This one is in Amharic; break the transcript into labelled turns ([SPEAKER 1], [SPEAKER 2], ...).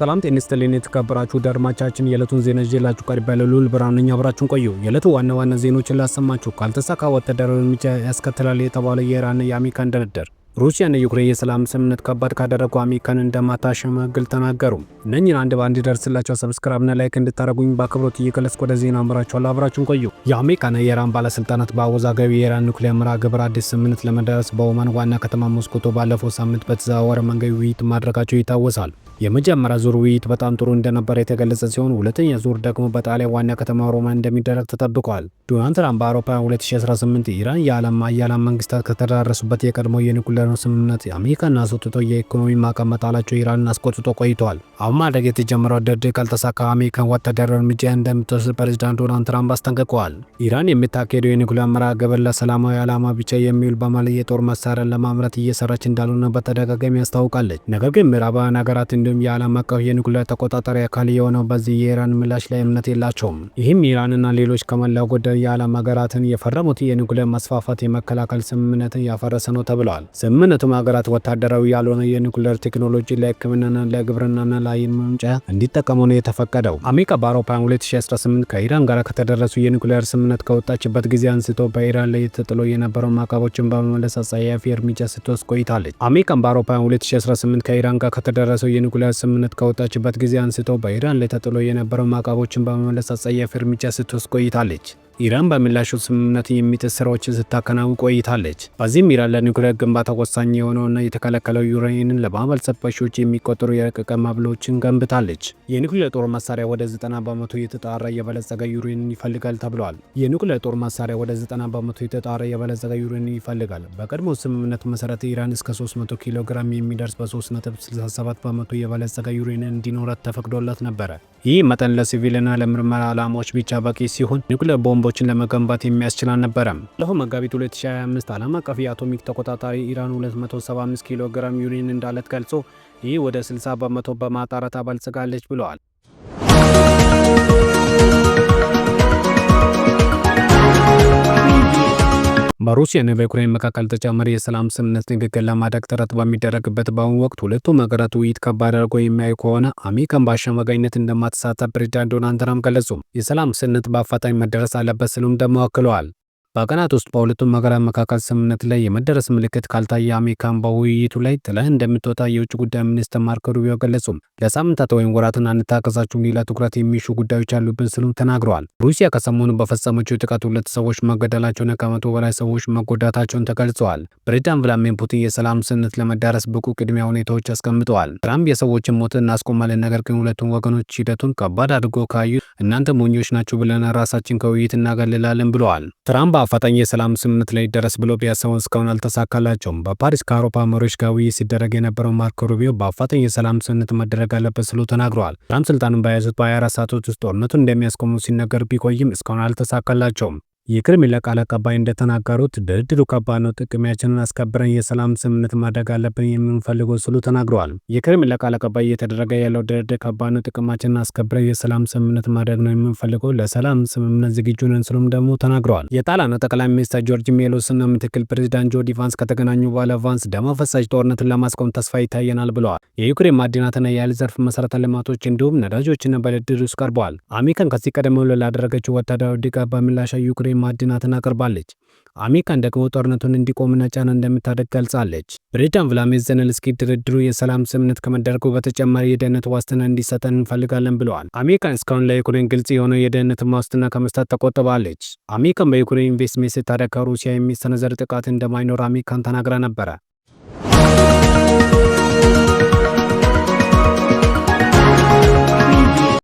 [SPEAKER 1] ሰላም ጤና ይስጥልኝ የተከበራችሁ ደርማቻችን የዕለቱን ዜና ይዤላችሁ ቀርቤያለሁ። ልዑል ብርሃኑ ነኝ። አብራችሁን ቆዩ። የዕለቱ ዋና ዋና ዜናዎችን ላሰማችሁ። ካልተሳካ ወታደራዊ እርምጃ ያስከትላል የተባለው የኢራንና የአሜሪካን ድርድር ሩሲያና የዩክሬን የሰላም ስምምነት ከባድ ካደረጉ አሜሪካን እንደማታሸመግል ተናገሩ። እነኝን አንድ በአንድ ይደርስላቸው ሰብስክራብና ላይክ እንድታደረጉኝ በአክብሮት እየገለጽኩ ወደ ዜና አምራችኋለሁ። አብራችሁን ቆዩ። የአሜሪካና የኢራን ባለስልጣናት በአወዛጋቢ የኢራን ኑክሌር መርሃ ግብር አዲስ ስምምነት ለመደረስ በኦማን ዋና ከተማ ሞስኮቶ ባለፈው ሳምንት በተዘዋወረ መንገድ ውይይት ማድረጋቸው ይታወሳል። የመጀመሪያ ዙር ውይይት በጣም ጥሩ እንደነበረ የተገለጸ ሲሆን ሁለተኛ ዙር ደግሞ በጣሊያን ዋና ከተማ ሮማን እንደሚደረግ ተጠብቋል። ዶናልድ ትራምፕ በአውሮፓውያን 2018 ኢራን የዓለም ሀያላን መንግስታት ከተደራረሱበት የቀድሞው የኒኩለር የኒውክሌር ስምምነት የአሜሪካን አስወጥቶ የኢኮኖሚ ማዕቀብ መጣላቸው ኢራንን አስቆጥቶ ቆይተዋል። አሁን ማደግ የተጀመረው ድርድር ካልተሳካ አሜሪካን ወታደራዊ እርምጃ እንደምትወስድ ፕሬዚዳንት ዶናልድ ትራምፕ አስጠንቅቀዋል። ኢራን የምታካሄደው የኒውክሌር መርሃ ግብር ለሰላማዊ ዓላማ ብቻ የሚውል በማለት የጦር መሳሪያን ለማምረት እየሰራች እንዳልሆነ በተደጋጋሚ ያስታውቃለች። ነገር ግን ምዕራባውያን ሀገራት እንዲሁም የዓለም አቀፍ የኒውክሌር ተቆጣጣሪ አካል የሆነው በዚህ የኢራን ምላሽ ላይ እምነት የላቸውም። ይህም ኢራንና ሌሎች ከመላው ጉዳይ የዓለም ሀገራትን የፈረሙት የኒውክሌር መስፋፋት የመከላከል ስምምነትን ያፈረሰ ነው ተብለዋል። ስምምነቱም ሀገራት ወታደራዊ ያልሆነ የኒኩሌር ቴክኖሎጂ ለሕክምናና ለግብርናና ለኃይል መምጫ እንዲጠቀሙ ነው የተፈቀደው። አሜሪካ በአውሮፓውያን 2018 ከኢራን ጋር ከተደረሱ የኒኩሌር ስምምነት ከወጣችበት ጊዜ አንስቶ በኢራን ላይ ተጥሎ የነበረው ማዕቀቦችን በመመለስ አጸያፊ እርምጃ ስትወስድ ቆይታለች። አሜሪካን በአውሮፓውያን 2018 ከኢራን ጋር ከተደረሰው የኒኩሌር ስምምነት ከወጣችበት ጊዜ አንስቶ በኢራን ላይ ተጥሎ የነበረው ማዕቀቦችን በመመለስ አጸያፊ እርምጃ ስትወስድ ቆይታለች። ኢራን በምላሹ ስምምነት የሚጥስ ስራዎችን ስታከናውን ቆይታለች። በዚህም ኢራን ለኒውክሌር ግንባታ ወሳኝ የሆነውና የተከለከለው ዩራኒየምን ለማበልጸግ በሺዎች የሚቆጠሩ የረቀቀ ማብሎችን ገንብታለች። የኒውክሌር ጦር መሳሪያ ወደ 90 በመቶ የተጣራ የበለጸገ ዩራኒየም ይፈልጋል ተብሏል። የኒውክሌር ጦር መሳሪያ ወደ 90 በመቶ የተጣራ የበለጸገ ዩራኒየም ይፈልጋል። በቀድሞ ስምምነት መሰረት ኢራን እስከ 300 ኪሎ ግራም የሚደርስ በ3.67 በመቶ የበለጸገ ዩራኒየም እንዲኖራት ተፈቅዶለት ነበረ። ይህ መጠን ለሲቪልና ለምርመራ ዓላማዎች ብቻ በቂ ሲሆን ኒውክሌር ቦምብ ቦምቦችን ለመገንባት የሚያስችል አልነበረም። ለሁ መጋቢት 2025 ዓለም አቀፍ የአቶሚክ ተቆጣጣሪ ኢራን 275 ኪሎ ግራም ዩሬን እንዳለት ገልጾ ይህ ወደ 60 በመቶ በማጣራት አበልጽጋለች ብለዋል። በሩሲያና በዩክሬን መካከል ተጨማሪ የሰላም ስምምነት ንግግር ለማድረግ ጥረት በሚደረግበት በአሁኑ ወቅት ሁለቱም ሀገራት ውይይት ከባድ አድርጎ የሚያዩ ከሆነ አሜሪካን በአሸማጋይነት እንደማትሳተፍ ፕሬዚዳንት ዶናልድ ትራምፕ ገለጹ። የሰላም ስምምነት በአፋጣኝ መደረስ አለበት ሲሉም ደግሞ አክለዋል። በቀናት ውስጥ በሁለቱም ሀገራት መካከል ስምምነት ላይ የመደረስ ምልክት ካልታየ አሜሪካን በውይይቱ ላይ ጥለህ እንደምትወጣ የውጭ ጉዳይ ሚኒስትር ማርኮ ሩቢዮ ገለጹ። ለሳምንታት ወይም ወራትን አንታገሳችሁም፣ ሌላ ትኩረት የሚሹ ጉዳዮች አሉብን ስሉ ተናግረዋል። ሩሲያ ከሰሞኑ በፈጸመችው ጥቃት ሁለት ሰዎች መገደላቸውን ከመቶ በላይ ሰዎች መጎዳታቸውን ተገልጸዋል። ፕሬዚዳንት ቭላድሚር ፑቲን የሰላም ስምምነት ለመዳረስ ብቁ ቅድሚያ ሁኔታዎች አስቀምጠዋል። ትራምፕ የሰዎችን ሞት እናስቆማለን፣ ነገር ግን ሁለቱም ወገኖች ሂደቱን ከባድ አድርጎ ካዩ እናንተ ሞኞች ናቸው ብለን ራሳችን ከውይይት እናገልላለን ብለዋል። ትራምፕ በአፋጣኝ የሰላም ስምምነት ላይ ደረስ ብሎ ቢያሰቡም እስካሁን አልተሳካላቸውም። በፓሪስ ከአውሮፓ መሪዎች ጋር ውይይት ሲደረግ የነበረው ማርኮ ሩቢዮ በአፋጣኝ የሰላም ስምምነት መደረግ አለበት ስሉ ተናግረዋል። ትራምፕ ስልጣኑን በያዙት በ24 ሰዓቶች ውስጥ ጦርነቱን እንደሚያስቆሙ ሲነገር ቢቆይም እስካሁን አልተሳካላቸውም። የክሬምላ ቃል አቀባይ እንደተናገሩት ድርድሩ ከባድ ነው፣ ጥቅሚያችንን አስከብረን የሰላም ስምምነት ማድረግ አለብን የምንፈልገው ስሉ ተናግረዋል። የክሬምላ ቃል አቀባይ እየተደረገ ያለው ድርድር ከባድ ነው፣ ጥቅማችንን አስከብረን የሰላም ስምምነት ማድረግ ነው የምንፈልገው፣ ለሰላም ስምምነት ዝግጁ ነን ስሉም ደግሞ ተናግረዋል። የጣሊያኑ ጠቅላይ ሚኒስትር ጆርጅ ሜሎስና ምክትል ፕሬዚዳንት ጆዲ ቫንስ ከተገናኙ በኋላ ቫንስ ደም አፋሳሽ ጦርነትን ለማስቆም ተስፋ ይታየናል ብለዋል። የዩክሬን ማዕድናትና የኃይል ዘርፍ መሰረተ ልማቶች እንዲሁም ነዳጆችና በድርድር ውስጥ ቀርበዋል። አሜሪካን ከዚህ ቀደም ላደረገችው ወታደራዊ ድጋፍ በምላሻ ዩክሬን ማዕድናትን አቅርባለች። አሜሪካን ደግሞ ጦርነቱን እንዲቆምና ጫና እንደምታደርግ ገልጻለች። ፕሬዚዳንት ቭላድሚር ዘለንስኪ ድርድሩ የሰላም ስምምነት ከመደረጉ በተጨማሪ የደህንነት ዋስትና እንዲሰጠን እንፈልጋለን ብለዋል። አሜሪካን እስካሁን ለዩክሬን ግልጽ የሆነ የደህንነት ዋስትና ከመስጠት ተቆጥባለች። አሜሪካን በዩክሬን ኢንቨስትሜንት ስታደርግ ከሩሲያ የሚሰነዘር ጥቃት እንደማይኖር አሜሪካን ተናግራ ነበረ።